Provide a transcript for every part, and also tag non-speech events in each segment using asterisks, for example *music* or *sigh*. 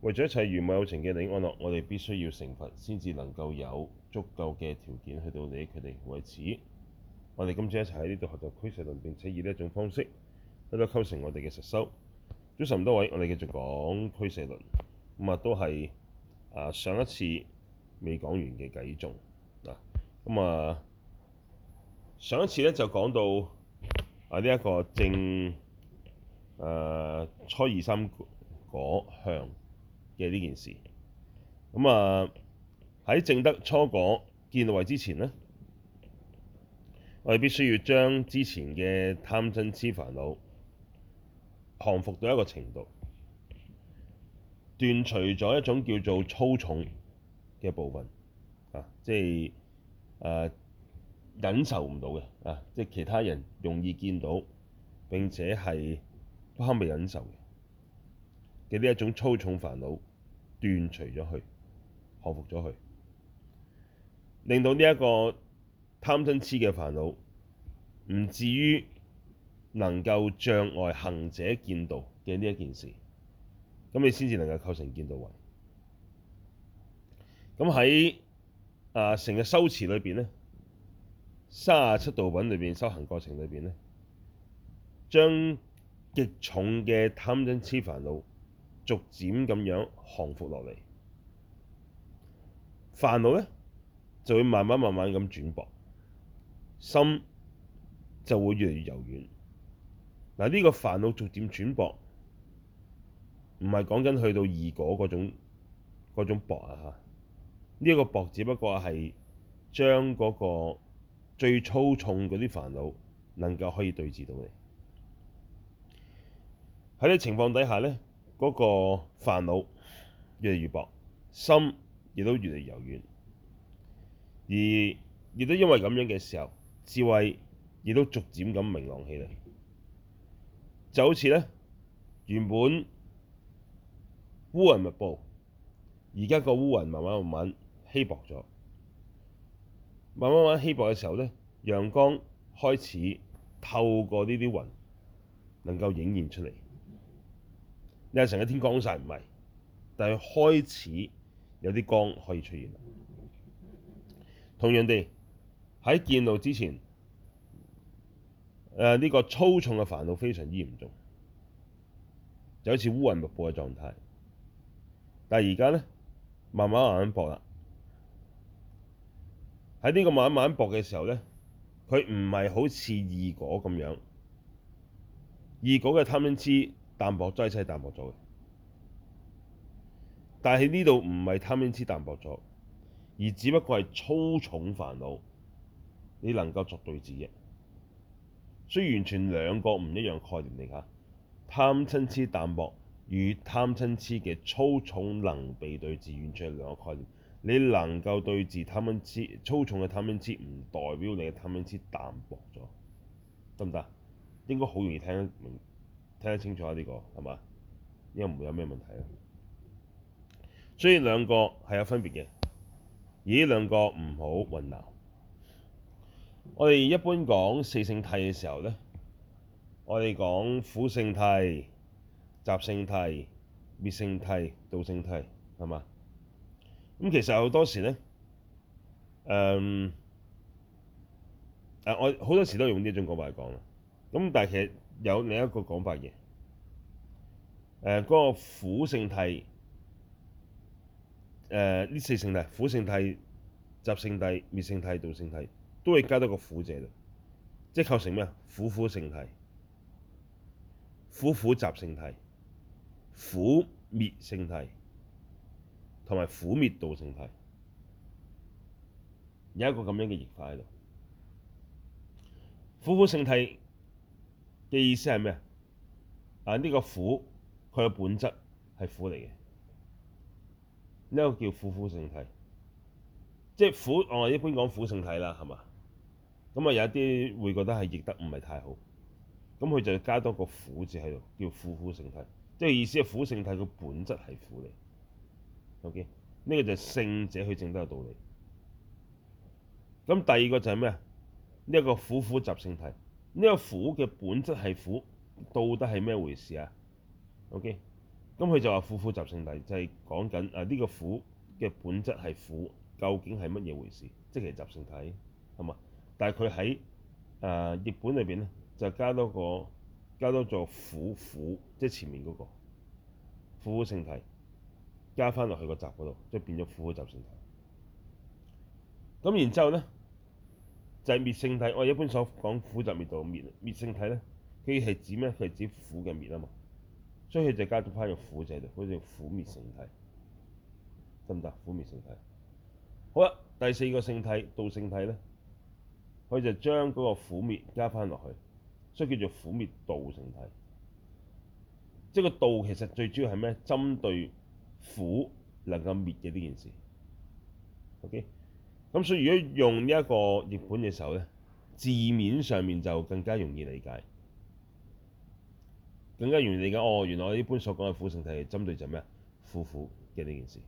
為咗一切如母有情嘅利安樂，我哋必須要成佛，先至能夠有足夠嘅條件去到利佢哋。為此，我哋今次一齊喺呢度學習俱舍論，並且以呢一種方式喺度構成我哋嘅實修。早晨多位，我哋繼續講俱舍論。咁啊，都係啊上一次未講完嘅繼續。嗱，咁啊上一次咧就講到啊呢一個正誒初二三果向嘅呢件事，咁啊喺證得初果見道位之前呢，我哋必須要將之前嘅貪嗔痴煩惱降伏到一個程度，斷除咗一種叫做粗重嘅部分啊，即係誒、啊、忍受唔到嘅啊，即係其他人容易見到並且係不堪被忍受嘅嘅呢一種粗重煩惱。斷除咗佢，降服咗佢，令到呢一個貪嗔痴嘅煩惱，唔至於能夠障礙行者見道嘅呢一件事，咁你先至能夠構成見道位。咁喺啊成日修持裏邊咧，三十七道品裏邊修行過程裏邊咧，將極重嘅貪嗔痴煩惱，逐漸咁樣降伏落嚟，煩惱咧就會慢慢慢慢咁轉薄，心就會越嚟越柔軟。嗱，呢個煩惱逐漸轉薄，唔係講緊去到二果嗰種嗰種薄啊！嚇，呢一個薄只不過係將嗰個最粗重嗰啲煩惱能夠可以對治到你。喺呢情況底下咧。嗰個煩惱越嚟越薄，心亦都越嚟越柔軟，而亦都因為咁樣嘅時候，智慧亦都逐漸咁明朗起嚟，就好似咧原本烏雲密布，而家個烏雲慢慢慢慢稀薄咗，慢慢慢稀薄嘅時候咧，陽光開始透過呢啲雲能夠影現出嚟。你係成一天光晒唔係？但係開始有啲光可以出現。同樣地，喺見道之前，誒、呃、呢、這個粗重嘅煩惱非常之嚴重，就好似烏雲密布嘅狀態。但係而家咧，慢慢慢慢薄啦。喺呢個慢慢薄嘅時候咧，佢唔係好似異果咁樣，異果嘅貪嗔痴淡薄，真係淡薄咗嘅。但係呢度唔係貪嗔痴淡薄咗，而只不過係粗重煩惱，你能夠作對治嘅。所以完全兩個唔一樣概念嚟噶。貪嗔痴淡薄與貪嗔痴嘅粗重能被對治，完全係兩個概念。你能夠對治貪嗔痴粗重嘅貪嗔痴，唔代表你嘅貪嗔痴淡薄咗，得唔得？應該好容易聽得明。聽得清楚呢、呢個係嘛？因為唔會有咩問題啊。所以兩個係有分別嘅，而呢兩個唔好混淆。我哋一般講四聖諦嘅時候咧，我哋講苦聖諦、集聖諦、滅聖諦、道聖諦係嘛？咁其實好多時咧，誒、嗯，誒我好多時都用呢種講法嚟講啦。咁但係其實，有另一個講法嘅，誒、呃、嗰、那個苦聖諦，誒、呃、呢四聖諦，苦聖諦、集聖諦、滅聖諦、道聖諦，都會加多個苦字度，即係構成咩啊？苦苦聖諦、苦苦集聖諦、苦滅聖諦同埋苦滅道聖諦，有一個咁樣嘅演化喺度。苦苦聖諦。嘅意思係咩啊？呢、這個苦，佢嘅本質係苦嚟嘅，呢、這個叫苦苦聖諦，即係苦，我一般講苦聖諦啦，係嘛？咁啊有一啲會覺得係譯得唔係太好，咁佢就加多個苦字喺度，叫苦苦聖諦，即、這、係、個、意思係苦聖諦嘅本質係苦嚟。OK，呢、這個就係聖者去證得嘅道理。咁第二個就係咩啊？呢、這、一個苦苦集聖諦。呢個苦嘅本質係苦，到底係咩回事啊？OK，咁佢就話苦苦集聖諦就係講緊啊，呢個苦嘅本質係苦，究竟係乜嘢回事？即係集聖諦，係嘛？但係佢喺誒譯本裏邊咧，就加多個加多咗苦苦，即係前面嗰個苦苦聖諦，加翻落去個集嗰度，即係變咗苦苦集聖諦。咁然之後咧。就是、滅聖諦，我一般所講苦集滅道，滅滅聖諦咧，佢係指咩？佢係指苦嘅滅啊嘛，所以佢就加咗翻個苦喺度，好似苦滅聖諦，得唔得？苦滅聖諦。好啦，第四個聖諦道聖諦咧，佢就將個苦滅加翻落去，所以叫做苦滅道聖諦。即、這、係個道其實最主要係咩？針對苦能夠滅嘅呢件事，OK。咁所以如果用呢一個譯本嘅時候咧，字面上面就更加容易理解，更加容易理解。哦，原來我一般所講嘅苦聖諦係針對就係咩啊？苦苦嘅呢件事，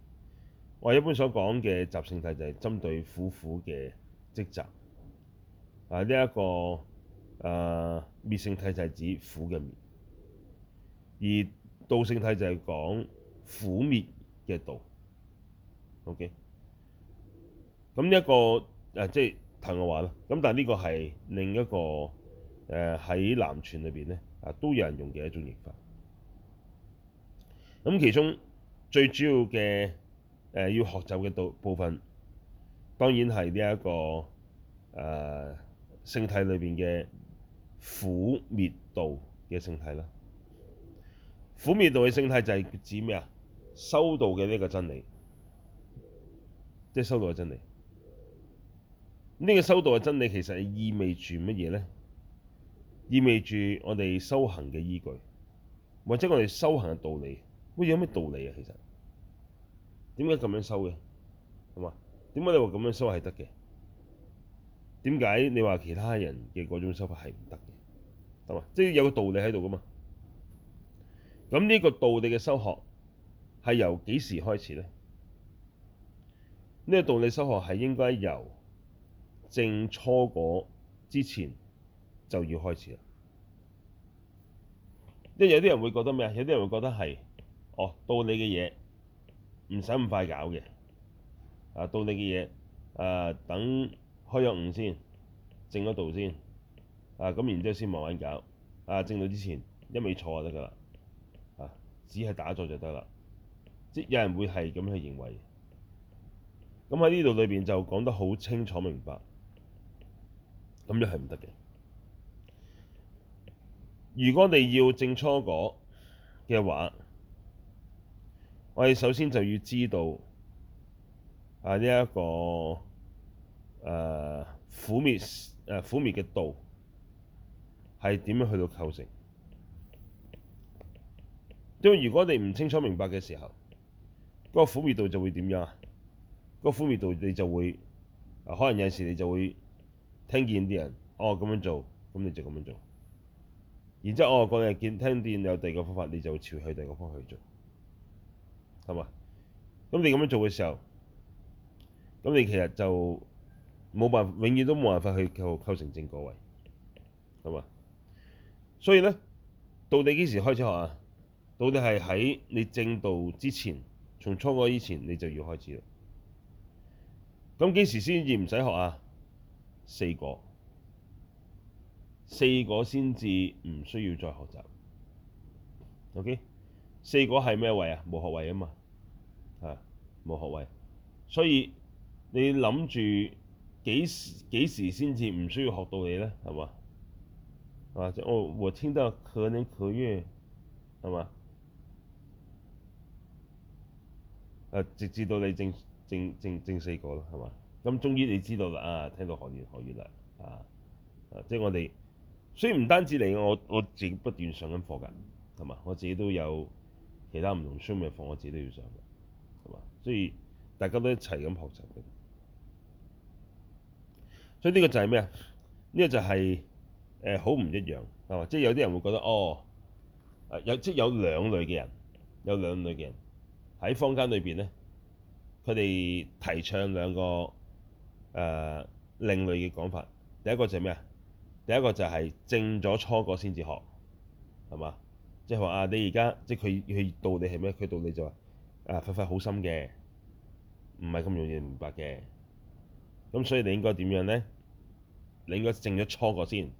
我一般所講嘅集聖諦就係針對苦苦嘅積集。啊，呢、這、一個啊滅聖諦就係指苦嘅滅，而道聖諦就係講苦滅嘅道。OK。咁、這、一個誒、呃，即係騰嘅話啦。咁但係呢個係另一個誒喺南傳裏邊咧啊，都有人用嘅一種譯法。咁、嗯、其中最主要嘅誒、呃、要學習嘅度部分，當然係呢一個誒聖、呃、諦裏邊嘅苦滅道嘅聖諦啦。苦滅道嘅聖諦就係指咩啊？修道嘅呢個真理，即係修道嘅真理。呢個修道嘅真理，其實係意味住乜嘢咧？意味住我哋修行嘅依據，或者我哋修行嘅道理。乜嘢有乜道理啊？其實點解咁樣修嘅？係嘛？點解你話咁樣修係得嘅？點解你話其他人嘅嗰種修法係唔得嘅？係嘛？即係有個道理喺度噶嘛？咁呢個道理嘅修學係由幾時開始咧？呢個道理修學係應該由證初果之前就要開始啦，因為有啲人會覺得咩啊？有啲人會覺得係，哦，到你嘅嘢唔使咁快搞嘅，啊，到你嘅嘢啊，等開咗悟先，證咗道先，啊，咁然之後先慢慢搞，啊，證道之前一味坐就得㗎啦，啊，只係打坐就得啦，即有人會係咁去認為，咁喺呢度裏邊就講得好清楚明白。咁樣係唔得嘅。如果你要證初果嘅話，我哋首先就要知道啊呢一個誒苦、呃、滅誒苦、呃、滅嘅道係點樣去到構成。因為如果你唔清楚明白嘅時候，那個苦滅道就會點樣啊？那個苦滅道你就會可能有陣時你就會。聽見啲人，哦咁樣做，咁你就咁樣做。然之後，我嗰日見聽見有第二個方法，你就朝佢第二個方向去做，係嘛？咁你咁樣做嘅時候，咁你其實就冇辦法，永遠都冇辦法去構構成正果位，係嘛？所以咧，到底幾時開始學啊？到底係喺你正道之前，從初果以前，你就要開始啦。咁幾時先至唔使學啊？四果，四果先至唔需要再學習。OK，四果係咩位啊？冇學位啊嘛，啊，冇學位，所以你諗住幾時幾時先至唔需要學到你咧？係嘛，啊哦，我聽得可年可月，係嘛，啊，直至到你正正正正四果咯，係嘛？咁終於你知道啦啊，聽到寒熱寒熱啦啊，啊即係我哋，雖然唔單止嚟我我自己不斷上緊課㗎，係嘛？我自己都有其他唔同書嘅課，我自己都要上㗎，係嘛？所以大家都一齊咁學習嘅。所以呢個就係咩啊？呢個就係誒好唔一樣係嘛？即係有啲人會覺得哦，啊有即係有兩類嘅人，有兩類嘅人喺坊間裏邊咧，佢哋提倡兩個。呃、另類嘅講法，第一個就係咩啊？第一個就係正咗初果先至學，係嘛？即係話啊，你而家即係佢佢道理係咩？佢道理就話啊，佛法好深嘅，唔係咁容易明白嘅。咁所以你應該點樣呢？你應該正咗初果先，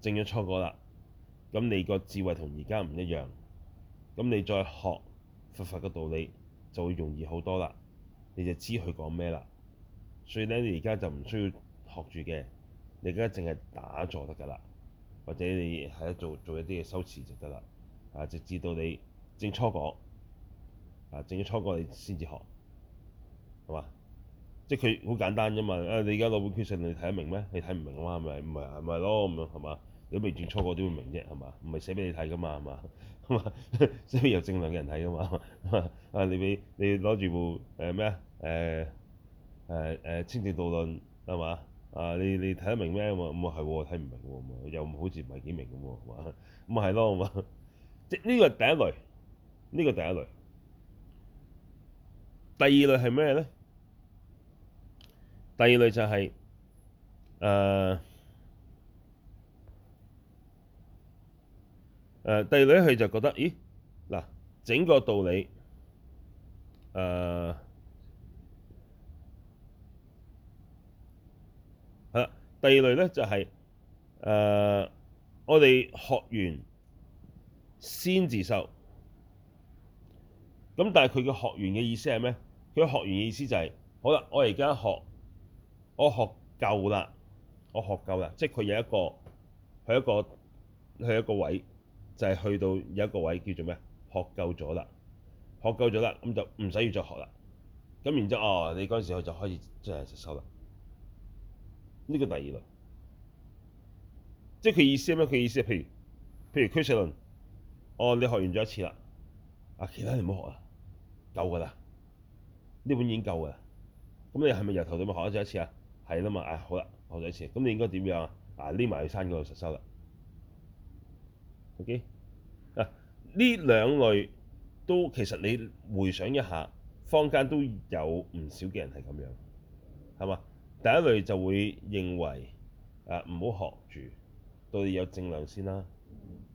正咗初果啦，咁你個智慧同而家唔一樣，咁你再學佛法嘅道理就會容易好多啦。你就知佢講咩啦。所以咧，你而家就唔需要學住嘅，你而家淨係打坐得噶啦，或者你係一做做一啲嘅修持就得啦。啊直至到你正初果，啊正要初果你先至學，係嘛？即係佢好簡單啫嘛。啊你而家攞本俱舍你睇得明咩？你睇唔明嘅話，咪唔係咪咯咁樣係嘛？你果未轉初果都會明啫係嘛？唔係 *laughs* 寫俾你睇噶嘛係嘛？係嘛？寫俾有正量嘅人睇噶嘛？啊你俾你攞住部誒咩啊誒？呃呃誒、啊、誒、啊，清淨道論係嘛？啊，你你睇得明咩？咁、嗯、啊，咁啊係喎，睇唔明喎，咁啊又好似唔係幾明咁喎，係嘛？咁啊係咯，咁啊，即、嗯、呢、這個係第一類，呢、這個係第一類。第二類係咩咧？第二類就係、是呃呃、第二類佢就覺得，咦嗱，整個道理、呃第二類咧就係、是、誒、呃、我哋學完先自修，咁但係佢嘅學完嘅意思係咩？佢學完嘅意思就係、是、好啦，我而家學我學夠啦，我學夠啦，即係佢有一個去一個去一個位，就係、是、去到有一個位叫做咩？學夠咗啦，學夠咗啦，咁就唔使要再學啦。咁然之後哦，你嗰陣時候就開始即係自修啦。呢、這個第二類，即係佢意思係咩？佢意思係譬如譬如俱舍論，哦，你學完咗一次啦，啊，其他你唔好學啦，夠噶啦，呢本已經夠噶啦，咁你係咪由頭你咪學咗一次啊？係啦嘛，唉，好啦，學咗一次，咁、啊、你應該點樣啊？啊，匿埋去山嗰度實修啦。OK，嗱、啊，呢兩類都其實你回想一下，坊間都有唔少嘅人係咁樣，係嘛？第一類就會認為啊，唔好學住，到你有正量先啦。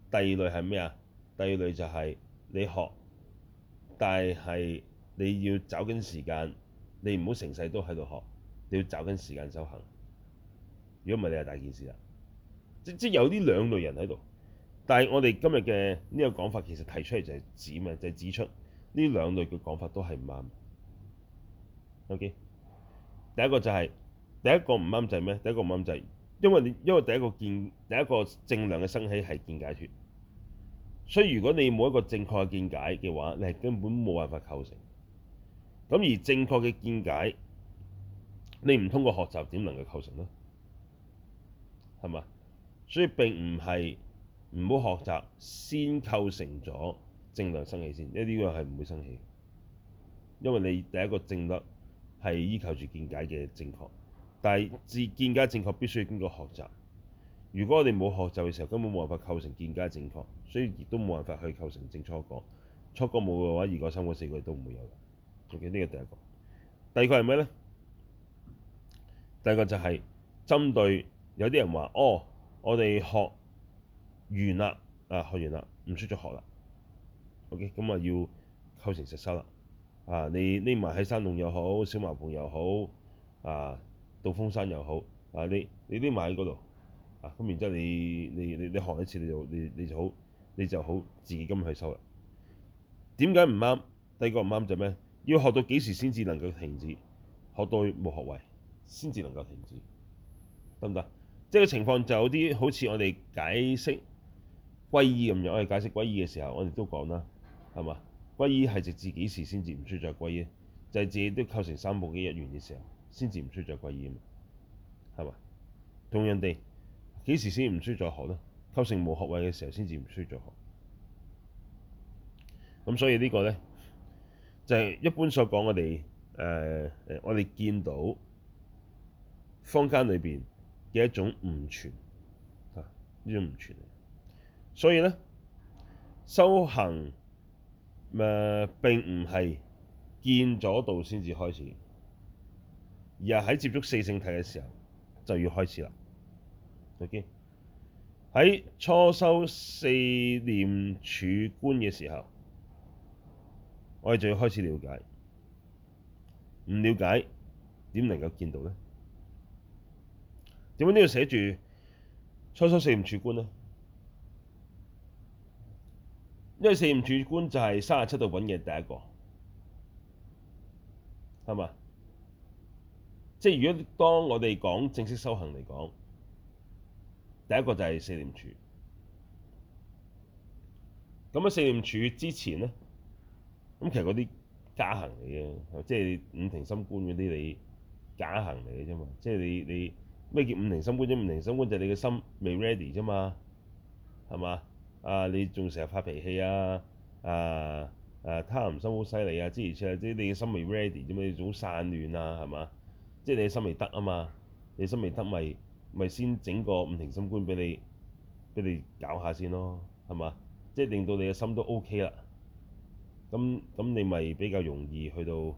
第二類係咩啊？第二類就係你學，但係你要找緊時間，你唔好成世都喺度學，你要找緊時間修行。如果唔係，你係大件事啦。即即有呢兩類人喺度，但係我哋今日嘅呢個講法其實提出嚟就係指咩？就係指出呢兩類嘅講法都係唔啱。OK，第一個就係。第一個唔啱就係咩？第一個唔啱就係，因為你因為第一個見第一個正量嘅生起係見解脫，所以如果你冇一個正確嘅見解嘅話，你係根本冇辦法構成。咁而正確嘅見解，你唔通過學習點能夠構成呢？係嘛？所以並唔係唔好學習先構成咗正量生起先，因為呢個係唔會生起，因為你第一個正得係依靠住見解嘅正確。但係，自見解正確必須要經過學習。如果我哋冇學習嘅時候，根本冇辦法構成見解正確，所以亦都冇辦法去構成初果。初果冇嘅話，二果、三果、四果亦都唔會有。OK，呢個第一個。第二個係咩咧？第二個就係針對有啲人話：哦，我哋學完啦，啊，學完啦，唔出咗學啦。OK，咁啊要構成實修啦。啊，你匿埋喺山洞又好，小茅棚又好，啊。到風山又好，啊你你匿埋喺嗰度，啊咁然之後你你你你，你，你學一次你就你你就好，你就好自己噉去收啦。點解唔啱？第二個唔啱就咩？要學到幾時先至能夠停止？學到冇學位先至能夠停止，得唔得？即、這、係個情況就有啲好似我哋解釋歸依咁樣。我哋解釋歸依嘅時候，我哋都講啦，係嘛？歸依係直至幾時先至唔需再歸依？就係、是、自己都構成三寶嘅一員嘅時候。先至唔需要再歸依啊嘛，係嘛？同人哋幾時先唔需要再學咧？構成無學位嘅時候，先至唔需要再學。咁所以這個呢個咧，就係、是、一般所講我哋誒誒，我哋見到坊間裏邊嘅一種誤傳啊，呢種誤傳。所以咧，修行誒、呃、並唔係見咗道先至開始。而係喺接觸四聖諦嘅時候，就要開始啦。OK，喺初修四念處觀嘅時候，我哋就要開始了解。唔了解點能夠見道呢？點解呢度寫住初修四念處觀呢？因為四念處觀就係三十七道品嘅第一個，係嘛？即係如果當我哋講正式修行嚟講，第一個就係四念處。咁啊，四念處之前咧，咁其實嗰啲假行嚟嘅，即係五停心觀嗰啲，你假行嚟嘅啫嘛。即係你你咩叫五停心觀啫？五停心觀就係你嘅心未 ready 啫嘛，係嘛？啊，你仲成日發脾氣啊，啊啊貪心好犀利啊，即係即係你嘅心未 ready 啫嘛，你好散亂啊，係嘛？即係你心未得啊嘛，你心未得咪咪先整個五停心觀俾你，俾你搞下先咯，係嘛？即係令到你嘅心都 OK 啦，咁咁你咪比較容易去到誒、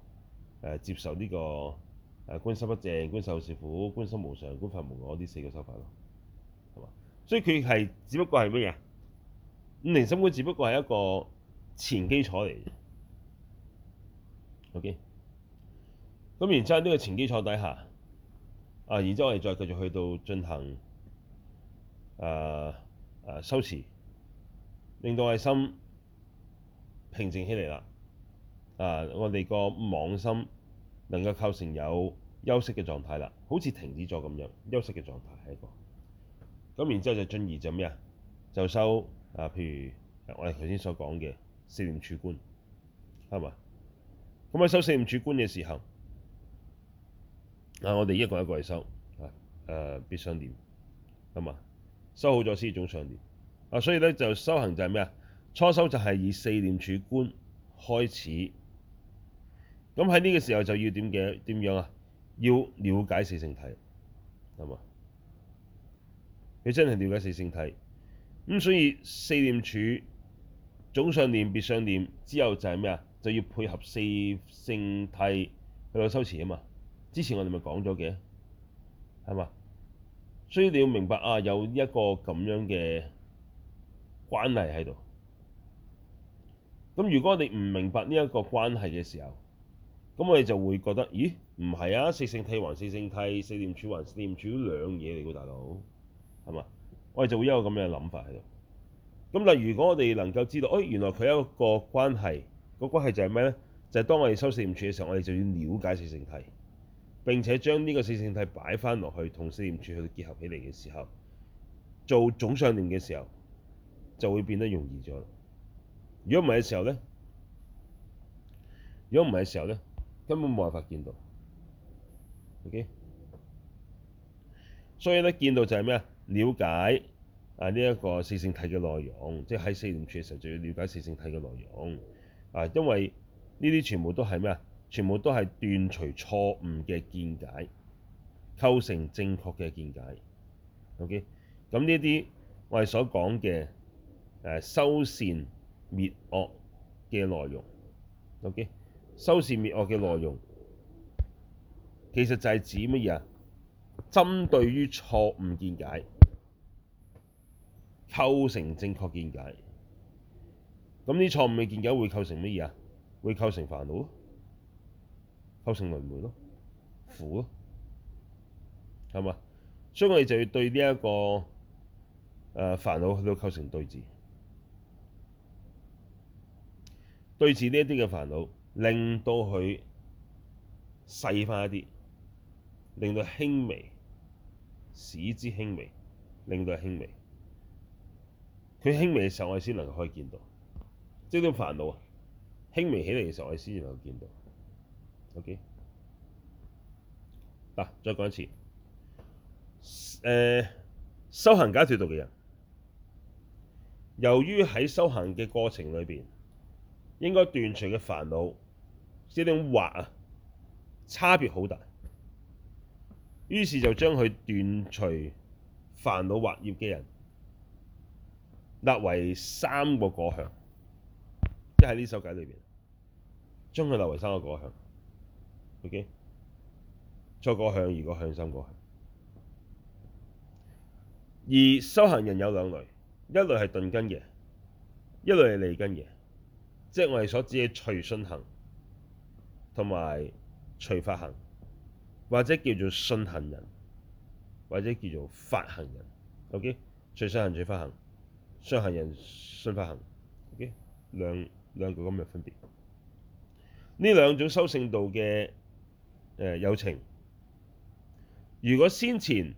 呃、接受呢、這個誒、呃、觀身不淨、觀受是苦、觀心無常、觀法無我呢四個手法咯，係嘛？所以佢係只不過係乜嘢？五停心觀只不過係一個前基礎嚟嘅，OK。咁然之後呢個前基礎底下啊，然之後我哋再繼續去到進行誒誒、呃呃、修持，令到我哋心平靜起嚟啦。啊、呃，我哋個妄心能夠構成有休息嘅狀態啦，好似停止咗咁樣休息嘅狀態係一個。咁然之後就進而就咩啊？就修啊、呃，譬如我哋頭先所講嘅四念處觀，係嘛？咁喺修四念處觀嘅時候。啊！我哋一個一個去修啊！誒，別相念咁啊，修好咗先總相念啊！所以咧就修行就係咩啊？初修就係以四念處觀開始。咁喺呢個時候就要點嘅點樣啊？要了解四聖諦，係嘛？你真係了解四聖諦咁，所以四念處總相念別相念之後就係咩啊？就要配合四聖諦去到修詞啊嘛，之前我哋咪講咗嘅係嘛，所以你要明白啊，有一個咁樣嘅關係喺度。咁如果你唔明白呢一個關係嘅時候，咁我哋就會覺得咦，唔係啊，四聖諦還四聖諦，四念處還四念處，都兩嘢嚟㗎，這個、大佬係嘛？我哋就會有一個咁樣嘅諗法喺度。咁但係如果我哋能夠知道，誒、哎、原來佢有一個關係、那個關係就係咩呢？就係、是、當我哋修四念處嘅時候，我哋就要了解四聖諦。並且將呢個四聖諦擺翻落去同四念處去結合起嚟嘅時候，做總相念嘅時候就會變得容易咗。如果唔係嘅時候咧，如果唔係嘅時候咧，根本冇辦法見道。OK，所以咧，見道就係咩啊？瞭解啊呢一個四聖諦嘅內容，即係喺四念處嘅時候就要了解四聖諦嘅內容。啊，因為呢啲全部都係咩啊？全部都係斷除錯誤嘅見解，構成正確嘅見解。OK，咁呢啲我哋所講嘅誒修善滅惡嘅內容。OK，修善滅惡嘅內容其實就係指乜嘢？針對於錯誤見解構成正確見解。咁呢啲錯誤嘅見解會構成乜嘢啊？會構成煩惱。構成輪迴咯，苦咯，係嘛？所以我哋就要對呢一個誒煩惱去到構成對治，對治呢一啲嘅煩惱，令到佢細化一啲，令到輕微，使之輕微，令到輕微。佢輕微嘅時候，我哋先能夠可以見到，即係啲煩惱啊輕微起嚟嘅時候，我哋先能夠見到。OK，再講一次，呃、修行解脫道嘅人，由於喺修行嘅過程裏邊，應該斷除嘅煩惱，呢種惑啊，差別好大，於是就將佢斷除煩惱惑業嘅人，立為三個果向，即係呢首偈裏邊，將佢立為三個果向。O.K. 初果向、二果向、三果向。而修行人有兩類，一類係鈍根嘅，一類係利根嘅，即係我哋所指嘅隨信行同埋隨法行，或者叫做信行人，或者叫做法行人。O.K. 隨信行、隨法行，信行人、信法行。O.K. 兩兩個咁嘅分別，呢兩種修聖道嘅。誒、呃、有情，如果先前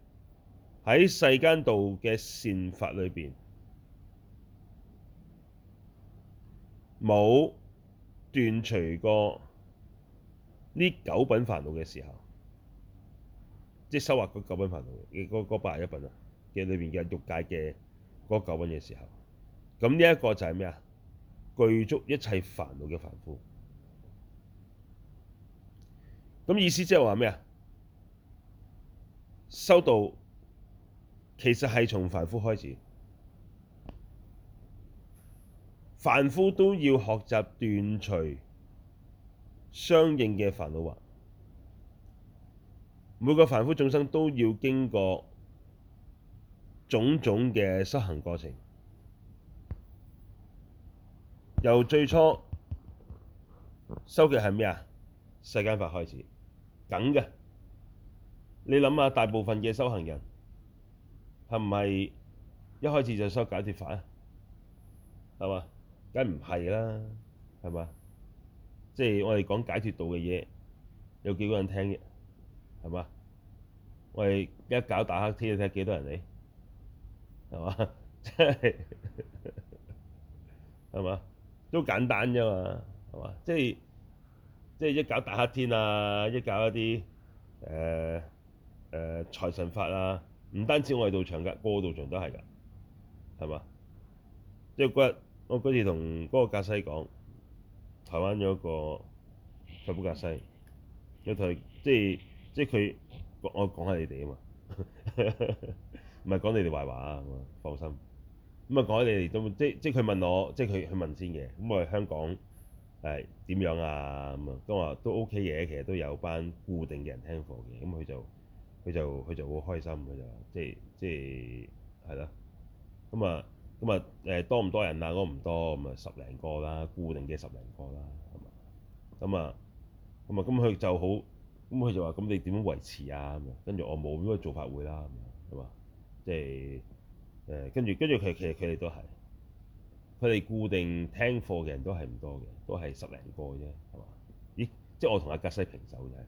喺世間道嘅善法裏邊冇斷除過呢九品煩惱嘅時候，即係修惑嗰九品煩惱，嘅嗰八十一品啊嘅裏邊嘅欲界嘅嗰九品嘅時候，咁呢一個就係咩啊？具足一切煩惱嘅凡夫。咁意思即係話咩啊？修道其實係從凡夫開始，凡夫都要學習斷除相應嘅煩惱惑。每個凡夫眾生都要經過種種嘅修行過程，由最初修嘅係咩啊？世間法開始。梗㗎，你諗下，大部分嘅修行人係唔係一開始就修解脫法啊？係嘛？梗唔係啦，係嘛？即係我哋講解脫道嘅嘢，有幾個人聽嘅？係嘛？我哋一搞打黑車，睇下幾多人嚟？係嘛？即係係嘛？都簡單啫嘛，係嘛？即係。即係一搞大黑天啊，一搞一啲誒誒財神法啊，唔單止我係道場㗎，個個道場都係㗎，係嘛？即係嗰日我嗰次同嗰個格西講，台灣有一個台北格西，有台即係即係佢我講下你哋啊嘛，唔 *laughs* 係講你哋壞話啊嘛，放心。咁啊講下你哋都即即係佢問我，即係佢佢問先嘅，咁我係香港。誒點樣啊咁啊都話都 OK 嘅，其實都有班固定嘅人聽課嘅，咁佢就佢就佢就好開心，佢就即係即係係啦。咁啊咁啊誒多唔多人啊？多唔多，咁啊十零個啦，固定嘅十零個啦，係嘛？咁啊咁啊咁佢就好，咁佢就話：咁你點樣維持啊？咁樣跟住我冇咁嘅做法會啦，係嘛？即係誒，跟住跟住佢其實佢哋都係。佢哋固定聽課嘅人都係唔多嘅，都係十零個啫，係嘛？咦，即係我同阿格西平手嘅。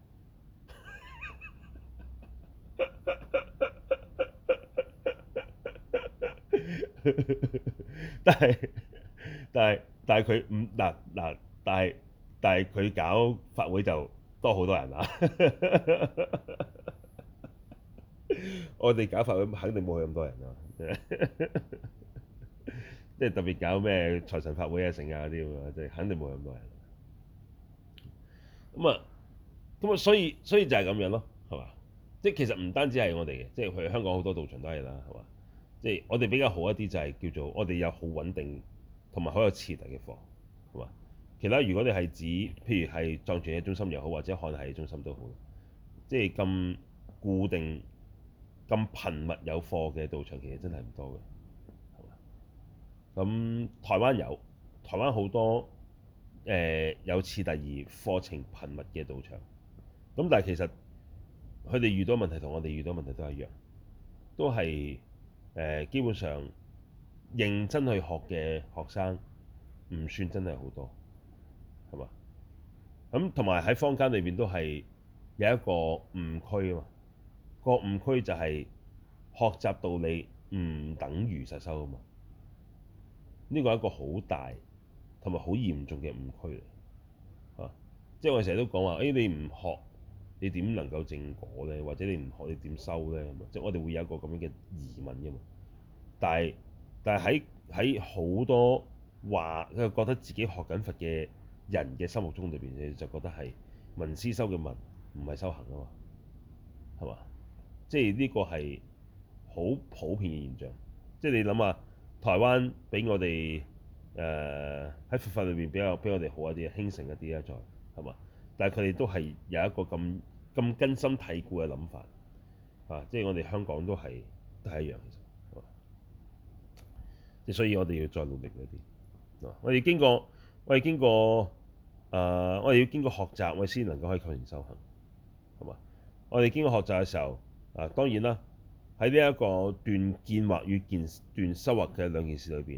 *laughs* *laughs* 但係，但係、啊啊，但係佢唔，嗱嗱，但係，但係佢搞法會就多好多人啦。 *laughs* 我哋搞法會肯定冇佢咁多人啊。 *laughs* 即係特別搞咩財神法會啊、成啊嗰啲咁樣，即係肯定冇咁多人。咁啊，咁啊，所以所以就係咁樣咯，係嘛？即係其實唔單止係我哋嘅，即係去香港好多道場都係啦，係嘛？即係我哋比較好一啲就係、是、叫做我哋有好穩定同埋好有潛力嘅課，係嘛？其他如果你係指譬如係藏傳嘅中心又好，或者看戲嘅中心都好，即係咁固定咁頻密有課嘅道場，其實真係唔多嘅。咁台灣有，台灣好多誒、呃、有次第二課程頻密嘅道場，咁但係其實佢哋遇到問題同我哋遇到問題都一樣，都係誒、呃、基本上認真去學嘅學生唔算真係好多，係嘛？咁同埋喺坊間裏面都係有一個誤區啊嘛，個誤區就係學習道理唔等於實修啊嘛。呢個係一個好大同埋好嚴重嘅誤區嚟、啊。即係我成日都講話，誒你唔學，你點能夠證果呢？或者你唔學，你點修呢？咁即係我哋會有一個咁樣嘅疑問嘅嘛。但係，但係喺好多話，佢覺得自己學緊佛嘅人嘅心目中裏邊，你就覺得係聞思修嘅聞，唔係修行啊嘛，係嘛？即係呢個係好普遍嘅現象。即係你諗下。台灣俾我哋誒喺佛法裏邊比較俾我哋好一啲，興盛一啲啦，再係嘛？但係佢哋都係有一個咁咁根深蒂固嘅諗法，啊！即係我哋香港都係都係一樣，即係所以我哋要再努力一啲。啊！我哋經過，我哋經過誒、呃，我哋要經過學習，我哋先能夠可以求證修行，係嘛？我哋經過學習嘅時候啊，當然啦。喺呢一個斷見惑與見斷修惑嘅兩件事裏邊，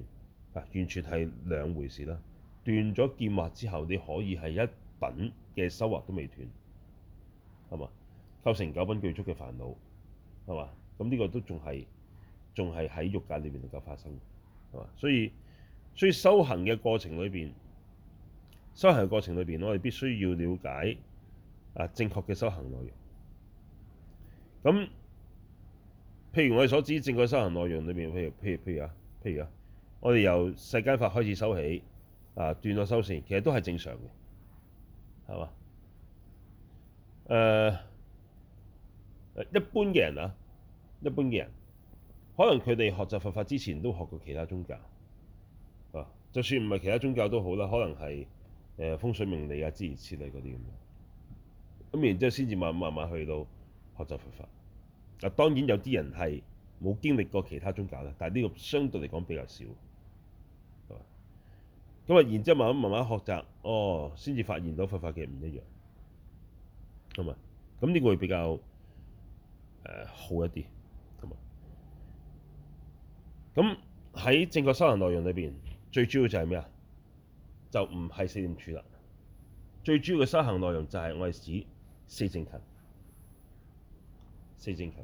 啊，完全係兩回事啦。斷咗見惑之後，你可以係一品嘅修惑都未斷，係嘛？構成九品具足嘅煩惱，係嘛？咁呢個都仲係仲係喺欲界裏邊能夠發生，係嘛？所以所以修行嘅過程裏邊，修行嘅過程裏邊，我哋必須要了解啊正確嘅修行內容，咁。譬如我哋所知正確修行內容裏面，譬如譬如譬如啊，譬如啊，我哋由世間法開始修起，啊斷惡修善，其實都係正常嘅，係嘛？誒一般嘅人啊，一般嘅人，人，可能佢哋學習佛法之前都學過其他宗教，啊，就算唔係其他宗教都好啦，可能係誒風水命理啊諸如此類嗰啲咁，咁然之後先至慢慢慢去到學習佛法。嗱，當然有啲人係冇經歷過其他宗教咧，但係呢個相對嚟講比較少，咁啊然之後慢慢慢慢學習，哦先至發現到佛法嘅唔一樣，咁啊咁呢個會比較誒、呃、好一啲，咁啊咁喺正確修行內容裏邊，最主要就係咩啊？就唔係四念處啦，最主要嘅修行內容就係、是、我哋指四正勤。四正勤，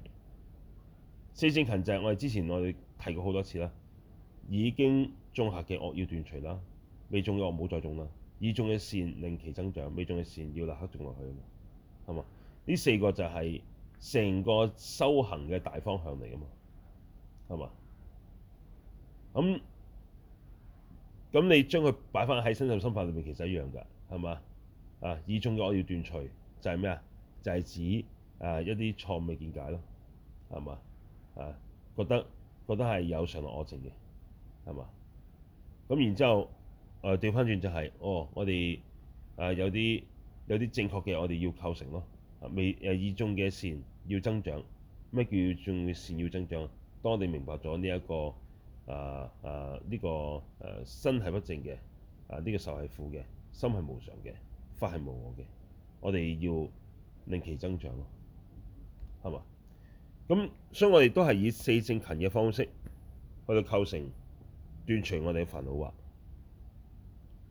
四正勤就係我哋之前我哋提過好多次啦，已經種下嘅惡要斷除啦，未種嘅惡唔好再種啦，已種嘅善令其增長，未種嘅善要立刻種落去啊嘛，係嘛？呢四個就係成個修行嘅大方向嚟啊嘛，係嘛？咁咁你將佢擺翻喺身受心法裏面其實一樣㗎，係嘛？啊，已種嘅惡要斷除就係咩啊？就係指。誒、啊、一啲錯誤嘅見解咯，係嘛？啊，覺得覺得係有常樂我淨嘅，係嘛？咁然之後誒調翻轉就係、是、哦，我哋誒、啊、有啲有啲正確嘅，我哋要構成咯。未誒意中嘅善要增長，咩叫仲善要增長？當你明白咗呢一個啊啊呢、這個誒身係不淨嘅，啊呢、這個受係苦嘅，心係無常嘅，法係無我嘅，我哋要令其增長咯。係嘛？咁所以我哋都係以四正勤嘅方式去到構成斷除我哋嘅煩惱啊。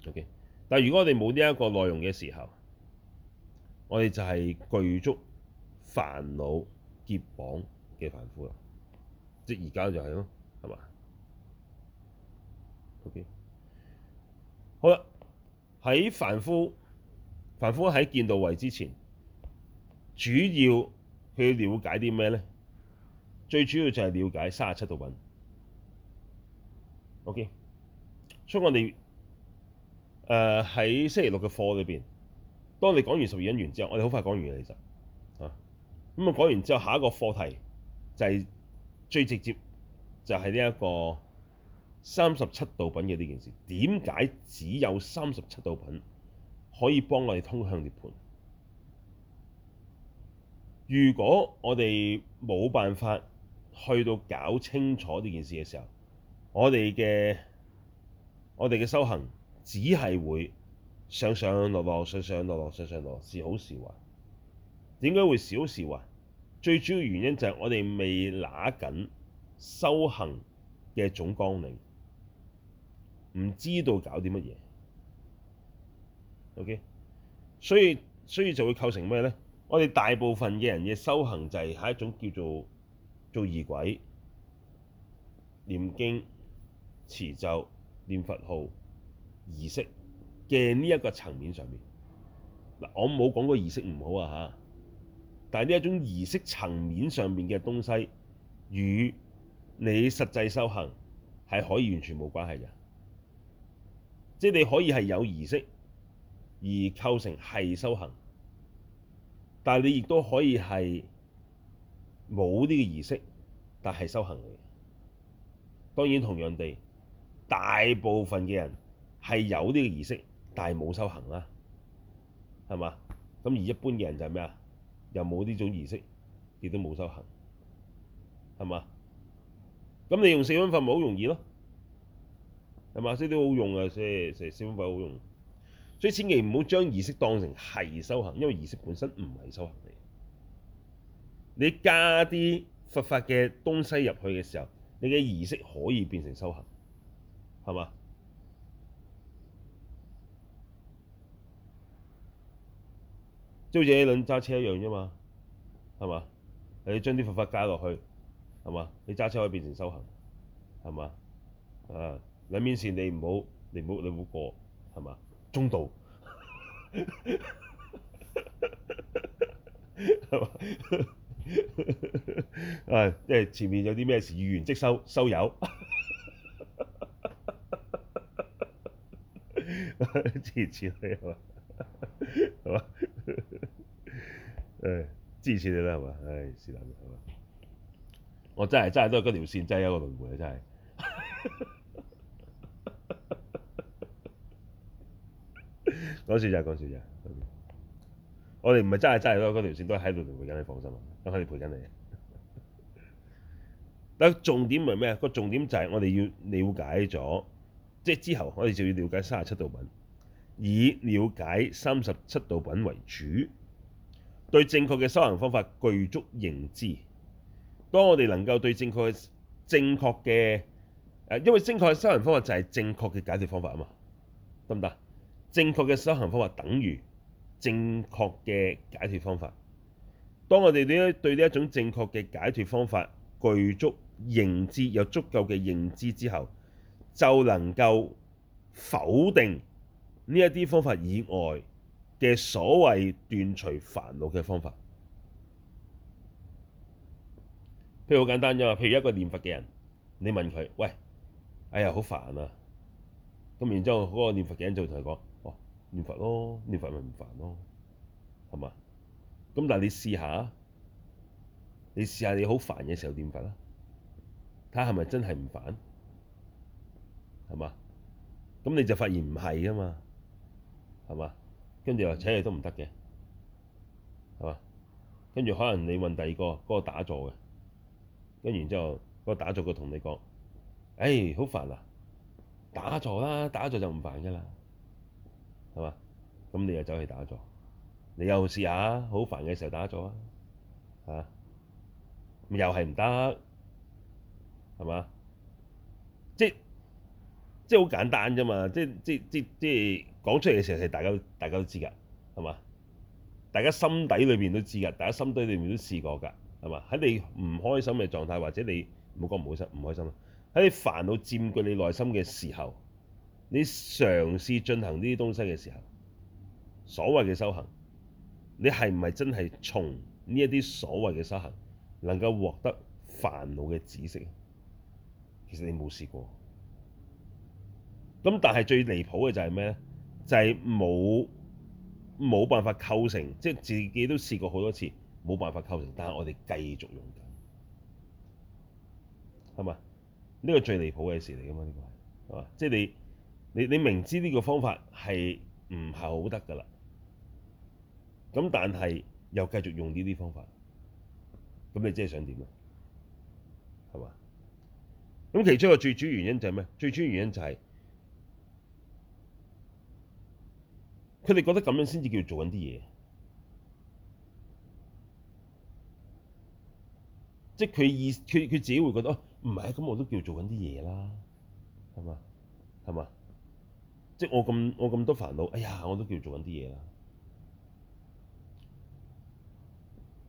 OK，但係如果我哋冇呢一個內容嘅時候，我哋就係具足煩惱結縛嘅凡夫啦。即係而家就係咯，係嘛？OK，好啦，喺凡夫凡夫喺見道位之前，主要。佢要了解啲咩咧？最主要就係了解三十七道品。OK，所以我哋誒喺星期六嘅課裏邊，當你哋講完十二因緣之後，我哋好快講完嘅其實啊。咁啊講完之後，下一個課題就係最直接，就係呢一個三十七道品嘅呢件事。點解只有三十七道品可以幫我哋通向涅槃？如果我哋冇辦法去到搞清楚呢件事嘅時候，我哋嘅我哋嘅修行只係會上上落落上上落落上上落，時好時壞。點解會時好時壞？最主要原因就係我哋未拿緊修行嘅總綱領，唔知道搞啲乜嘢。OK，所以所以就會構成咩咧？我哋大部分嘅人嘅修行就係一種叫做做儀軌、念經、持咒、念佛號、儀式嘅呢一個層面上面嗱，我冇講過儀式唔好啊嚇，但係呢一種儀式層面上面嘅東西，與你實際修行係可以完全冇關係嘅，即係你可以係有儀式而構成係修行。但係你亦都可以係冇呢個儀式，但係修行嘅。當然同樣地，大部分嘅人係有呢個儀式，但係冇修行啦，係嘛？咁而一般嘅人就係咩啊？又冇呢種儀式，亦都冇修行，係嘛？咁你用四分法咪好容易咯，係嘛？即係都好用嘅，即係四分法好用。所以千祈唔好將儀式當成係修行，因為儀式本身唔係修行嚟。你加啲佛法嘅東西入去嘅時候，你嘅儀式可以變成修行，係嘛？即好似你輪揸車一樣啫嘛，係嘛？你將啲佛法加落去，係嘛？你揸車可以變成修行，係嘛？啊，兩面線你唔好，你唔好，你唔好過，係嘛？中道係即係前面有啲咩事，完完即收收油，支持你係嘛？係嘛？誒，支持你啦係嘛？唉，是但係我真係真係都係嗰條線擠有個龍門，啊真係。講笑啫，講笑啫。我哋唔係真係真係嗰嗰條線，都喺度陪緊你，你放心啊，我喺度陪緊你。但重點係咩啊？個重點就係我哋要了解咗，即係之後我哋就要了解三十七道品，以了解三十七道品為主，對正確嘅修行方法具足認知。當我哋能夠對正確嘅正確嘅誒、呃，因為正確嘅修行方法就係正確嘅解決方法啊嘛，得唔得？正確嘅修行方法等於正確嘅解脫方法。當我哋呢一對呢一種正確嘅解脫方法，具足認知有足夠嘅認知之後，就能夠否定呢一啲方法以外嘅所謂斷除煩惱嘅方法。譬如好簡單啫嘛，譬如一個念佛嘅人，你問佢：「喂，哎呀，好煩啊！咁然之後，嗰個念佛嘅人就同佢講。念佛咯，念佛咪唔煩咯，係嘛？咁但係你試下，你試下你好煩嘅時候念佛啦，睇下係咪真係唔煩，係嘛？咁你就發現唔係噶嘛，係嘛？跟住話請你都唔得嘅，係嘛？跟住可能你問第二個嗰個打坐嘅，跟完之後嗰個打坐嘅同你講，誒、欸、好煩啊，打坐啦，打坐就唔煩㗎啦。係嘛？咁你又走去打坐，你又試下好煩嘅時候打坐啊，又係唔得，係嘛？即即好簡單啫嘛，即即即即講出嚟嘅時候係大家大家都知噶，係嘛？大家心底裏面都知噶，大家心底裏面都試過噶，係嘛？喺你唔開心嘅狀態，或者你唔好講唔開心，唔開心啊！喺你煩惱佔據你內心嘅時候。你嘗試進行呢啲東西嘅時候，所謂嘅修行，你係唔係真係從呢一啲所謂嘅修行能夠獲得煩惱嘅知識？其實你冇試過。咁但係最離譜嘅就係咩咧？就係冇冇辦法構成，即係自己都試過好多次，冇辦法構成，但係我哋繼續用緊，係咪？呢個最離譜嘅事嚟噶嘛？呢個係係嘛？即係你。你你明知呢個方法係唔係好得㗎啦，咁但係又繼續用呢啲方法，咁你即係想點啊？係嘛？咁其中一個最主要原因就係咩？最主要原因就係佢哋覺得咁樣先至叫做做緊啲嘢，即係佢意佢佢自己會覺得哦，唔係咁我都叫做做緊啲嘢啦，係嘛，係嘛？即係我咁我咁多煩惱，哎呀，我都叫做做緊啲嘢啦。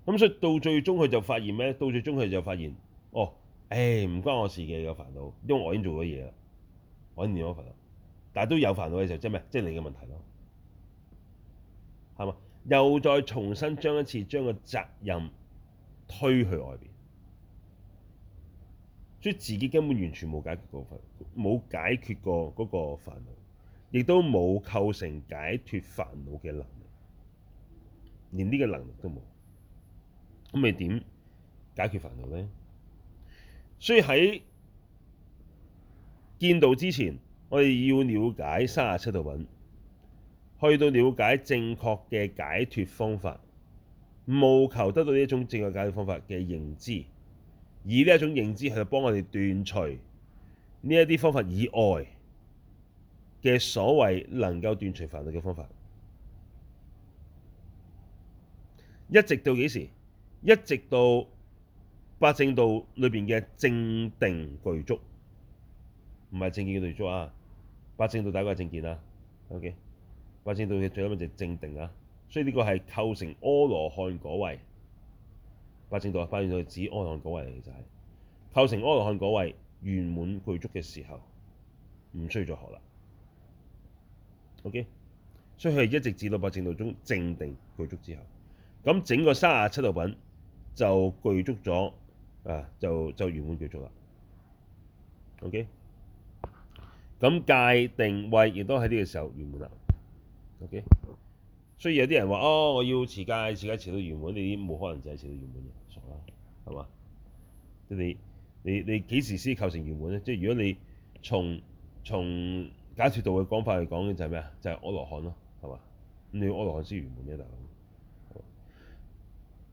咁所以到最終佢就發現咩？到最終佢就發現，哦，誒、哎、唔關我事嘅有煩惱，因為我已經做咗嘢啦，我已經揾完咗煩惱。但係都有煩惱嘅時候，即係咩？即係你嘅問題咯，係嘛？又再重新將一次將個責任推去外邊，所以自己根本完全冇解決過佢，冇解決過嗰個煩惱。亦都冇構成解脫煩惱嘅能力，連呢個能力都冇，咁你點解決煩惱咧？所以喺見道之前，我哋要了解三十七道品，去到了解正確嘅解脫方法，務求得到呢一種正確解決方法嘅認知，而呢一種認知係幫我哋斷除呢一啲方法以外。嘅所謂能夠斷除煩惱嘅方法，一直到幾時？一直到八正道裏邊嘅正定具足，唔係正見嘅具足啊。八正道第一個係正見啊。OK，八正道嘅最後就係正定啊。所以呢個係構成阿羅漢嗰位八正道，八道啊。八正道指阿羅漢嗰位其實係，就係構成阿羅漢嗰位圓滿具足嘅時候，唔需要再學啦。Okay? 所以佢係一直至八正道中正定具足之後，咁整個三十七道品就具足咗啊、呃，就就圓滿具足啦。O.K. 咁界定位亦都喺呢個時候圓滿啦。O.K. 所以有啲人話哦，我要持戒持戒持到圓滿，你啲冇可能就係持到圓滿嘅，傻啦，係嘛？你你你幾時先構成圓滿咧？即係如果你從從解脫道嘅講法嚟講嘅就係咩啊？就係、是、阿羅漢咯，係嘛？咁你要阿羅漢先圓滿啫，大佬。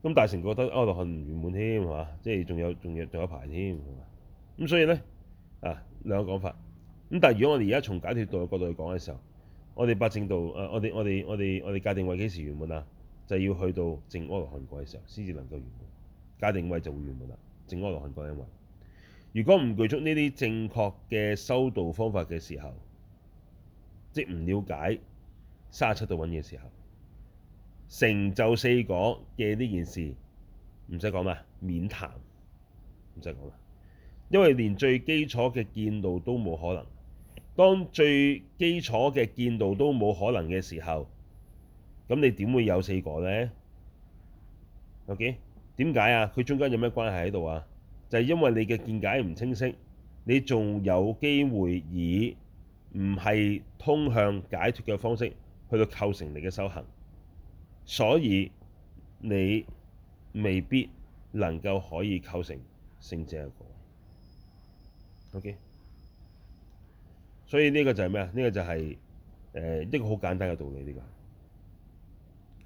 咁大成覺得阿羅漢唔圓滿添，係嘛？即係仲有仲有仲有排添，係嘛？咁所以咧啊，兩個講法。咁但係如果我哋而家從解脫道嘅角度去講嘅時候，我哋八正道啊，我哋我哋我哋我哋界定為幾時圓滿啊？就係要去到證阿羅漢果嘅時候，先至能夠圓滿。界定位就會圓滿啦，證阿羅漢果，因為如果唔具足呢啲正確嘅修道方法嘅時候。即唔了解三十七道品嘅時候，成就四果嘅呢件事，唔使講啦，免談，唔使講啦，因為連最基礎嘅見道都冇可能。當最基礎嘅見道都冇可能嘅時候，咁你點會有四果咧？o k 點解啊？佢、okay? 中間有咩關係喺度啊？就係、是、因為你嘅見解唔清晰，你仲有機會以。唔係通向解脫嘅方式，去到構成你嘅修行，所以你未必能夠可以構成聖者嘅果。OK，所以呢個就係咩啊？呢個就係誒一個好簡單嘅道理。呢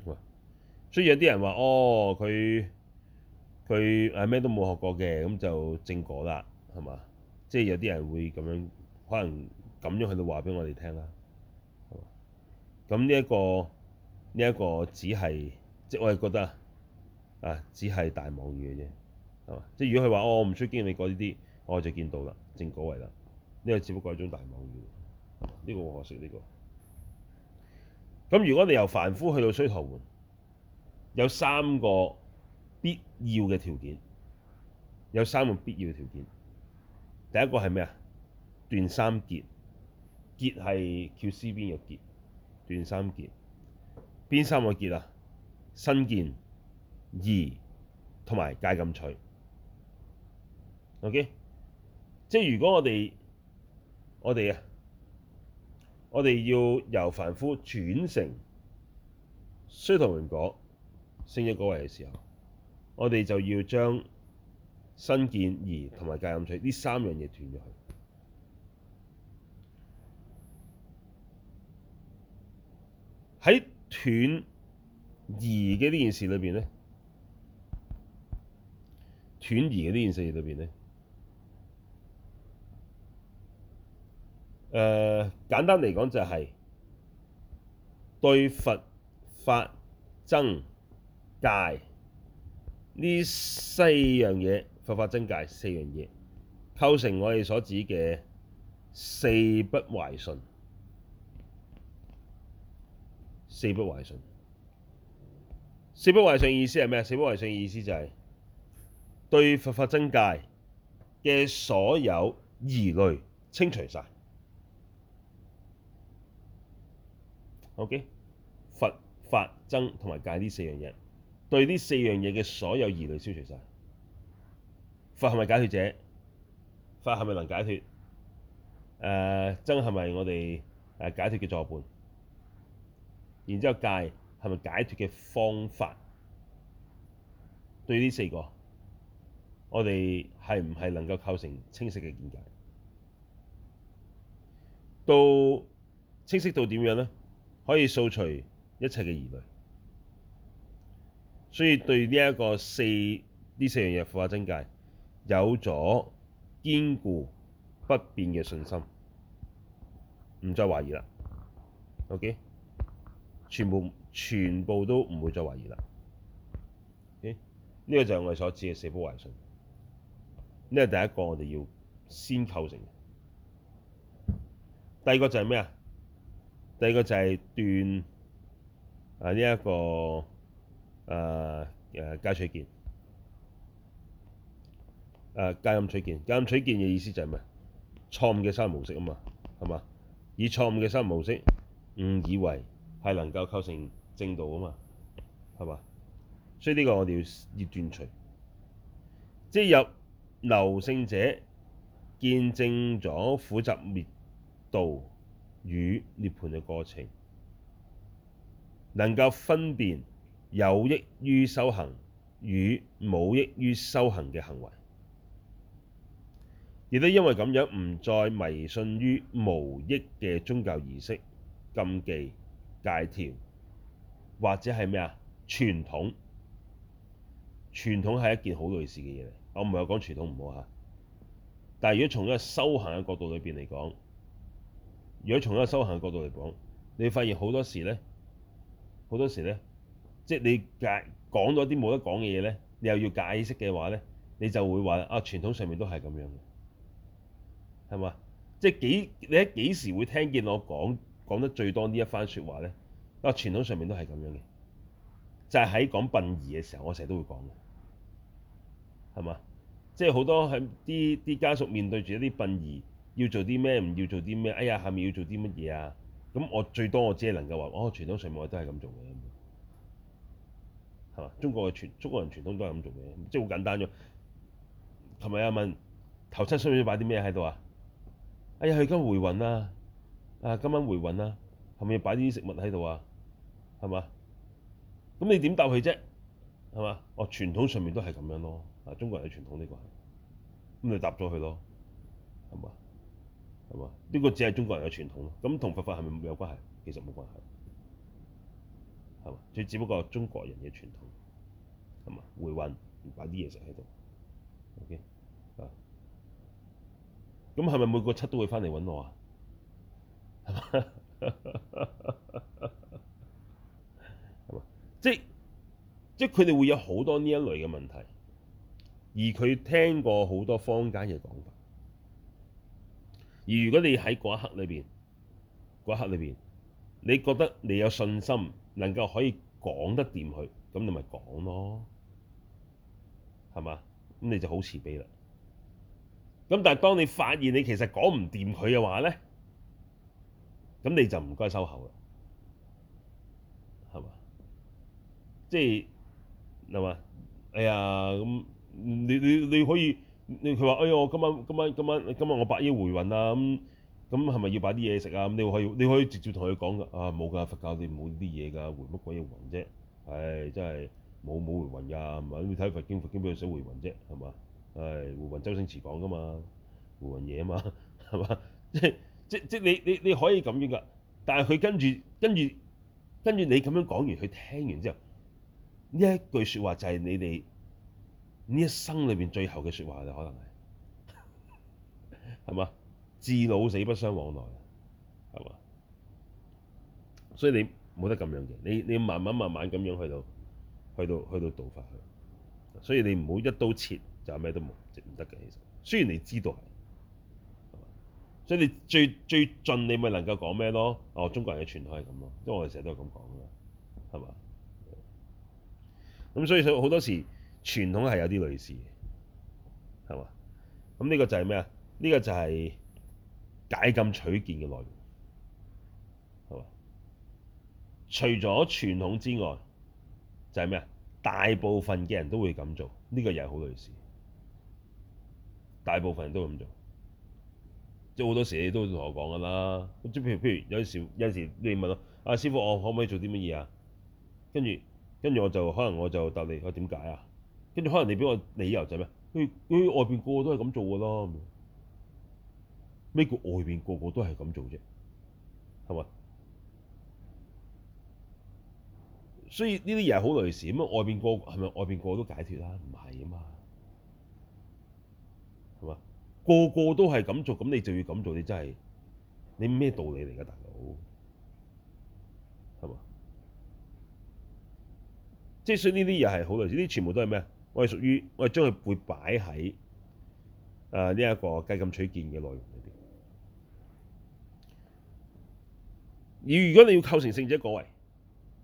個，所以有啲人話：哦，佢佢誒咩都冇學過嘅，咁就正果啦，係嘛？即係有啲人會咁樣，可能。咁樣去到話俾我哋聽啦，咁呢一個呢一個只係即係我係覺得啊，只係大妄語嘅啫，係嘛？即係如果佢話、哦、我唔需要經歷過呢啲，我就見道啦，證果位啦，呢個只不過係種大妄語，呢個我食呢個。咁如果你由凡夫去到須陀洹，有三個必要嘅條件，有三個必要嘅條件。第一個係咩啊？斷三結。結係叫 C 邊個結？斷三結，邊三個結啊？身見、疑同埋戒禁取。OK，即係如果我哋我哋啊，我哋要由凡夫轉成須陀洹果，升咗級位嘅時候，我哋就要將身見、疑同埋戒禁取呢三樣嘢斷咗去。喺斷疑嘅呢件事裏邊咧，斷疑嘅呢件事裏邊咧，誒、呃、簡單嚟講就係、是、對佛法、僧戒呢四樣嘢，佛法、僧戒四樣嘢構成我哋所指嘅四不壞信。四不壞信，四不壞信意思係咩？四不壞信意思就係、是、對佛法僧戒嘅所有疑慮清除晒。OK，佛法僧同埋戒呢四樣嘢，對呢四樣嘢嘅所有疑慮消除晒。佛係咪解脫者？佛係咪能解脫？誒、呃，僧係咪我哋誒解脫嘅作伴？然之後戒係咪解脫嘅方法？對呢四個，我哋係唔係能夠構成清晰嘅見解？到清晰到點樣呢？可以掃除一切嘅疑慮。所以對呢一個四呢四樣嘢佛法僧戒有咗堅固不變嘅信心，唔再懷疑啦。OK。全部全部都唔會再懷疑啦。呢個就係我哋所指嘅四不壞信。呢個第一個我哋要先構成。第二個就係咩啊？第二個就係斷啊，呢一個啊，誒戒取見啊，戒禁取見。戒禁取見嘅意思就係咩？錯誤嘅生入模式啊嘛，係嘛？以錯誤嘅生入模式誤以為。係能夠構成正道啊嘛，係嘛？所以呢個我哋要要斷除，即係入流聖者見證咗苦集滅道與涅槃嘅過程，能夠分辨有益於修行與冇益於修行嘅行為，亦都因為咁樣唔再迷信於無益嘅宗教儀式、禁忌。戒條或者係咩啊？傳統，傳統係一件好類似嘅嘢嚟。我唔係話講傳統唔好吓，但係如果從一個修行嘅角度裏邊嚟講，如果從一個修行嘅角度嚟講，你發現好多時咧，好多時咧，即係你解講咗啲冇得講嘅嘢咧，你又要解釋嘅話咧，你就會話啊，傳統上面都係咁樣嘅，係嘛？即係幾你喺幾時會聽見我講？講得最多呢一番説話咧，啊，傳統上面都係咁樣嘅，就係、是、喺講殯儀嘅時候，我成日都會講嘅，係嘛？即係好多喺啲啲家屬面對住一啲殯儀要做啲咩，唔要做啲咩？哎呀，下面要做啲乜嘢啊？咁我最多我只係能夠話，哦，傳統上面我都係咁做嘅，係嘛？中國嘅傳中國人傳統都係咁做嘅，即係好簡單咗。同埋阿問頭七需要擺啲咩喺度啊？哎呀，去緊回魂啦！啊，今晚回魂啦，係咪要擺啲食物喺度啊，係嘛？咁你點搭佢啫？係嘛？哦，傳統上面都係咁樣咯，啊，中國人嘅傳統呢個係，咁你搭咗佢咯，係嘛？係嘛？呢個只係中國人嘅傳統咯，咁同佛法係咪冇有關係？其實冇關係，係嘛？最只不過係中國人嘅傳統，係嘛？回魂，擺啲嘢食喺度。OK，啊，咁係咪每個七都會翻嚟揾我啊？ *laughs* 是即即佢哋會有好多呢一類嘅問題，而佢聽過好多坊間嘅講法。而如果你喺嗰一刻裏邊，嗰一刻裏邊，你覺得你有信心能夠可以講得掂佢，咁你咪講咯，係嘛？咁你就好慈悲啦。咁但係當你發現你其實講唔掂佢嘅話呢。咁你就唔該收口啦，係嘛？即係係嘛？哎呀咁，你你你可以，你佢話哎呀我今晚今晚今晚今晚我白衣回魂啊咁，咁係咪要擺啲嘢食啊？咁你可以你可以直接同佢講噶，啊冇噶佛教你冇呢啲嘢噶，回乜鬼嘢魂啫、啊？唉、哎、真係冇冇回魂噶、啊，咁你睇佛經佛經邊有寫回魂啫、啊？係嘛？係、哎、回魂周星馳講噶嘛，回魂夜啊嘛，係嘛？即係。即即你你你可以咁樣噶，但係佢跟住跟住跟住你咁樣講完，佢聽完之後，呢一句説話就係你哋呢一生裏邊最後嘅説話啦，可能係，係嘛？自老死不相往來，係嘛？所以你冇得咁樣嘅，你你要慢慢慢慢咁樣去到去到去到道法。佢，所以你唔好一刀切，就咩都冇，唔得嘅。其實雖然你知道。即係你最最盡你咪能夠講咩咯？哦，中國人嘅傳統係咁咯，即係我哋成日都係咁講㗎，係嘛？咁所以好多時傳統係有啲類似嘅，係嘛？咁呢個就係咩啊？呢、呢個就係戒禁取見嘅內容，係嘛？除咗傳統之外，就係咩啊？大部分嘅人都會咁做，呢、呢個又係好類似，大部分人都會咁做。即好多時你都同我講噶啦，即譬如譬如，有時有時，你問咯，阿、啊、師傅我可唔可以做啲乜嘢啊？跟住跟住，我就可能我就答你，我點解啊？跟住可能你俾我理由就咩？跟住外邊個個都係咁做噶啦，咩叫外邊個個都係咁做啫？係咪？所以呢啲嘢係好類似，咁外邊個係咪外邊個個都解脫啦？唔係啊嘛。個個都係咁做，咁你就要咁做，你真係你咩道理嚟㗎，大佬係嘛？即係所以呢啲又係好類似，呢啲全部都係咩啊？我係屬於我係將佢背擺喺誒，呢一個戒禁取見嘅內容裏邊。而如果你要構成聖者果位，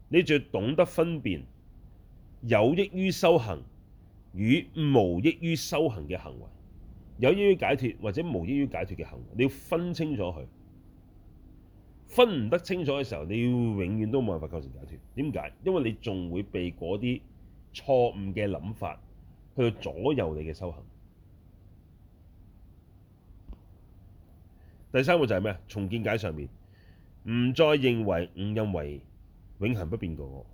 你就要懂得分辨有益於修行與無益於修行嘅行為。有益於解脫或者無益於解脫嘅行為，你要分清楚佢。分唔得清楚嘅時候，你要永遠都冇辦法構成解脫。點解？因為你仲會被嗰啲錯誤嘅諗法去左右你嘅修行。第三個就係咩啊？從見解上面，唔再認為唔認為永恆不變個我。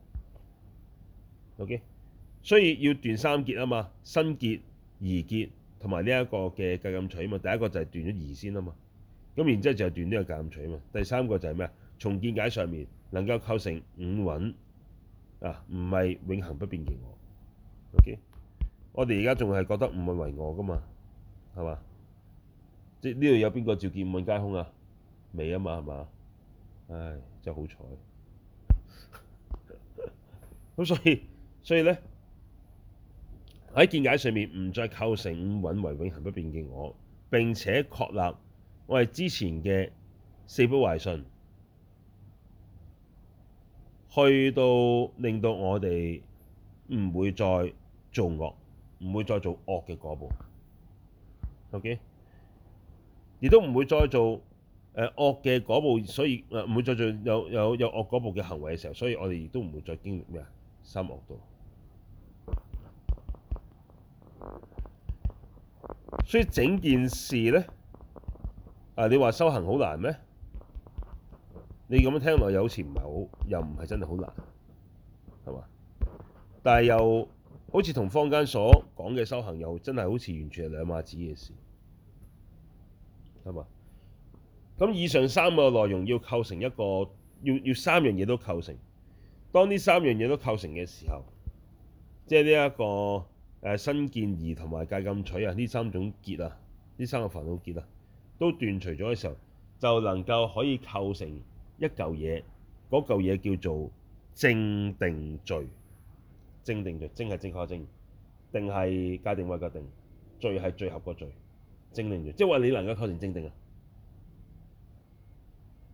OK，所以要斷三結啊嘛，身結、疑結。同埋呢一個嘅戒禁取啊嘛，第一個就係斷咗疑先啊嘛，咁然之後就係斷呢個戒禁取啊嘛，第三個就係咩啊？從見解上面能夠構成五蘊啊，唔係永恆不變嘅我。O.K. 我哋而家仲係覺得五蘊為我噶嘛，係嘛？即係呢度有邊個照見五蘊皆空啊？未啊嘛係嘛？唉，就好彩。咁 *laughs* 所以所以咧。喺見解上面唔再構成五蘊為永恆不變嘅我，並且確立我係之前嘅四不壞信，去到令到我哋唔會再做惡，唔會再做惡嘅果報。OK，亦都唔會再做誒惡嘅果報，所以誒唔會再做有有有惡果報嘅行為嘅時候，所以我哋亦都唔會再經歷咩啊，三惡道。所以整件事呢，啊，你話修行好難咩？你咁樣聽落，又好似唔係好，又唔係真係好難，係嘛？但係又好似同坊間所講嘅修行，又真係好似完全係兩碼子嘅事，係嘛？咁以上三個內容要構成一個，要要三樣嘢都構成。當呢三樣嘢都構成嘅時候，即係呢一個。誒身見疑同埋戒禁取啊，呢三種結啊，呢三個煩惱結啊，都斷除咗嘅時候，就能夠可以構成一嚿嘢，嗰嚿嘢叫做正定聚。正定聚，正係正確嘅正，定係界定或界定，聚係最合個聚。正定聚，即係話你能夠構成正定啊。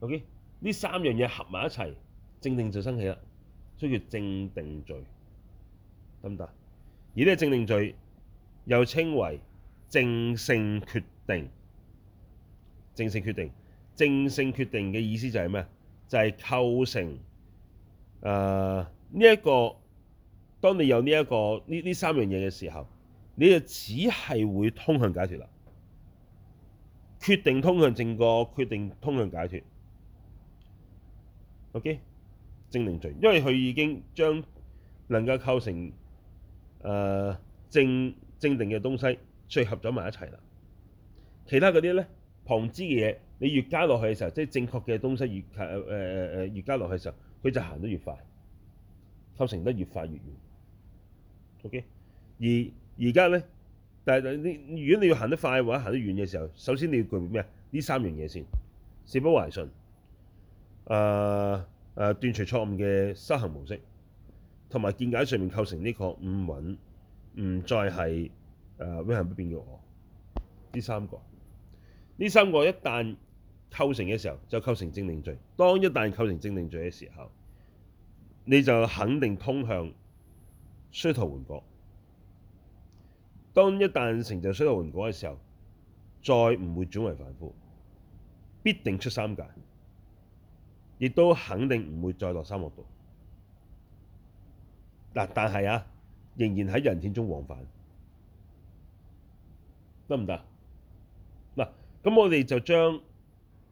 OK，呢三樣嘢合埋一齊，正定就生起啦，所以叫正定聚，得唔得？而呢個正定聚又稱為正性決定，正性決定，正性決定嘅意思就係咩？就係、是、構成誒呢一個。當你有呢、這、一個呢呢三樣嘢嘅時候，你就只係會通向解脫啦。決定通向正覺，決定通向解脫。OK，正定聚，因為佢已經將能夠構成。誒、呃、正正定嘅東西聚合咗埋一齊啦，其他嗰啲咧旁支嘅嘢，你越加落去嘅時候，即係正確嘅東西越誒誒誒越加落去嘅時候，佢就行得越快，構成得越快越遠。OK，而而家咧，但係你如果你要行得快或者行得遠嘅時候，首先你要具備咩？呢三樣嘢先：四不壞信，誒、呃、誒、呃、斷除錯誤嘅失衡模式。同埋見解上面構成呢個五蘊，唔再係誒永恆不變嘅我。呢三個，呢三個一旦構成嘅時候，就構成正定聚。當一旦構成正定聚嘅時候，你就肯定通向須陀洹果。當一旦成就須陀洹果嘅時候，再唔會轉為凡夫，必定出三界，亦都肯定唔會再落三惡道。嗱，但係啊，仍然喺人天中往返，得唔得？嗱，咁我哋就將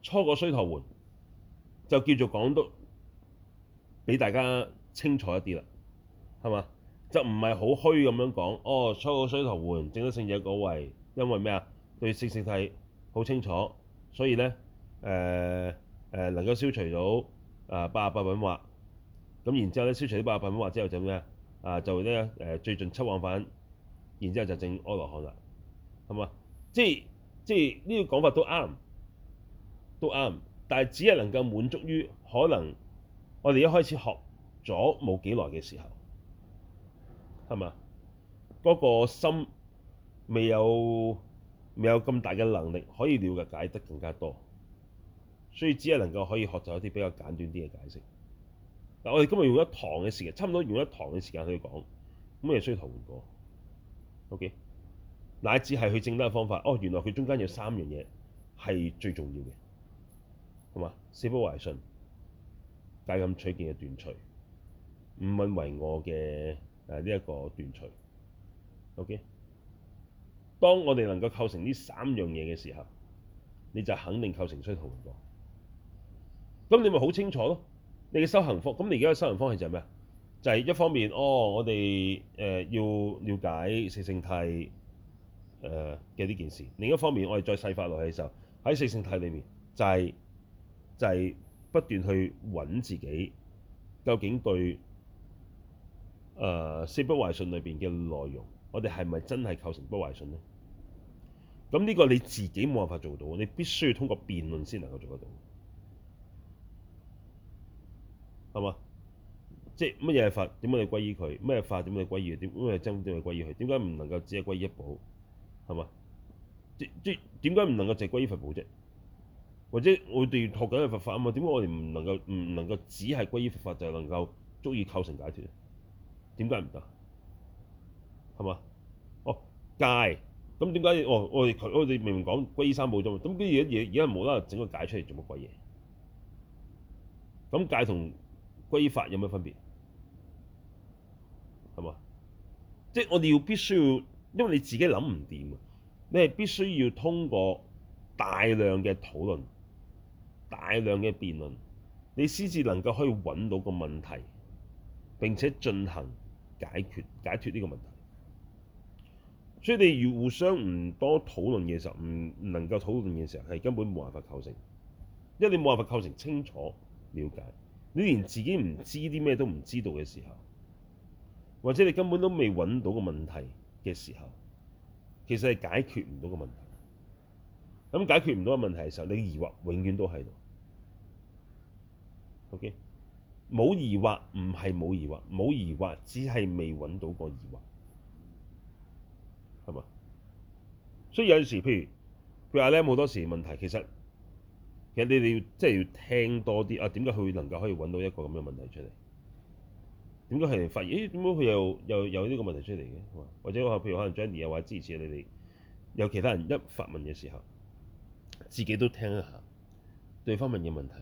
初果須陀洹，就叫做講到俾大家清楚一啲啦，係嘛？就唔係好虛咁樣講。哦，初水頭剩下剩下個須陀洹證咗聖者嗰位，因為咩啊？對四聖諦好清楚，所以咧，誒、呃、誒、呃、能夠消除到啊、呃、八十八品惑，咁然之後咧消除啲八十八品惑之後就咩啊？啊，就呢，誒，最近七往返，然之後就證阿羅漢啦，係嘛？即係即係呢、這個講法都啱，都啱。但係只係能夠滿足於可能我哋一開始學咗冇幾耐嘅時候，係嘛？嗰、那個、心未有未有咁大嘅能力，可以了解得更加多，所以只係能夠可以學習一啲比較簡短啲嘅解釋。我哋今日用一堂嘅時間，差唔多用一堂嘅時間去講，咁你係須陀洹果，OK？乃至係去證得嘅方法，哦，原來佢中間有三樣嘢係最重要嘅，係嘛？四不壞信、戒禁取見嘅斷除、五蘊為我嘅誒呢一個斷除，OK？當我哋能夠構成呢三樣嘢嘅時候，你就肯定構成須陀洹果，咁你咪好清楚咯。你嘅修行方，咁你而家嘅修行方式就係咩啊？就係、是、一方面，哦，我哋誒、呃、要了解四聖諦誒嘅呢件事；另一方面，我哋再細化落去嘅時候，喺四聖諦裡面，就係、是、就係、是、不斷去揾自己究竟對誒、呃、四不壞信裏邊嘅內容，我哋係咪真係構成不壞信呢？咁呢個你自己冇辦法做到，你必須要通過辯論先能夠做得到。係嘛？即係乜嘢係佛？點解你歸依佢？咩法？點解你歸依？點點解真正係歸依佢？點解唔能夠只係歸依一寶？係嘛？即即點解唔能夠淨係歸依佛寶啫？或者我哋學緊嘅佛法啊嘛？點解我哋唔能夠唔能夠只係歸依佛法就係能夠足以構成解脫？點解唔得？係嘛？哦，戒咁點解？哦，我哋我哋明明講歸依三寶啫嘛？咁啲嘢嘢而家冇啦啦整個戒出嚟做乜鬼嘢？咁戒同歸法有咩分別？係嘛？即係我哋要必須要，因為你自己諗唔掂啊！你係必須要通過大量嘅討論、大量嘅辯論，你先至能夠可以揾到個問題，並且進行解決、解決呢個問題。所以你要互相唔多討論嘅時候，唔能夠討論嘅時候，係根本冇辦法構成，因為你冇辦法構成清楚了解。你連自己唔知啲咩都唔知道嘅時候，或者你根本都未揾到個問題嘅時候，其實係解決唔到個問題。咁解決唔到個問題嘅時候，你疑惑永遠都喺度。OK，冇疑惑唔係冇疑惑，冇疑惑只係未揾到個疑惑，係嘛？所以有陣時，譬如佢話咧，好多時問題其實其實你哋要即係、就是、要聽多啲啊？點解佢能夠可以揾到一個咁嘅問題出嚟？點解係發現？咦？點解佢又又有呢個問題出嚟嘅？或者話譬如可能 Jenny 又話支持你哋，有其他人一發問嘅時候，自己都聽一下對方問嘅問題，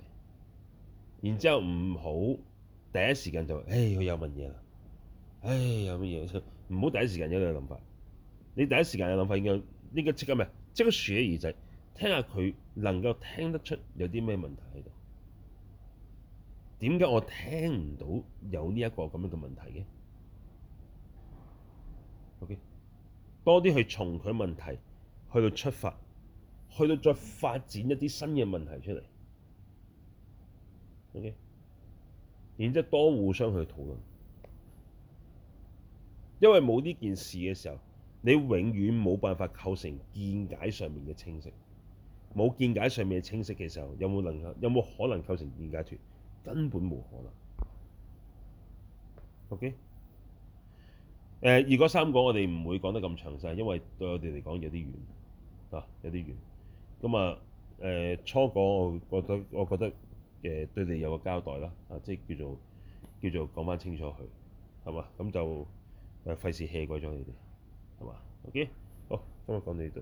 然之後唔好第一時間就誒佢、哎、又問嘢啦，誒、哎、有乜嘢？唔好第一時間有呢個諗法。你第一時間有諗法應，應該應該即刻咩？即刻説耳仔。聽下佢能夠聽得出有啲咩問題喺度？點解我聽唔到有呢一個咁樣嘅問題嘅？OK，多啲去從佢問題去到出發，去到再發展一啲新嘅問題出嚟。OK，然之後多互相去討論，因為冇呢件事嘅時候，你永遠冇辦法構成見解上面嘅清晰。冇見解上面清晰嘅時候，有冇能有冇可能構成見解斷？根本冇可能。OK、呃。誒，二果三果我哋唔會講得咁詳細，因為對我哋嚟講有啲遠啊，有啲遠。咁啊，誒、呃，初果我覺得我覺得誒對你哋有個交代啦，啊，即係叫做叫做講翻清楚佢，係嘛？咁就誒費事氣鬼咗你哋，係嘛？OK。好，今日講到呢度。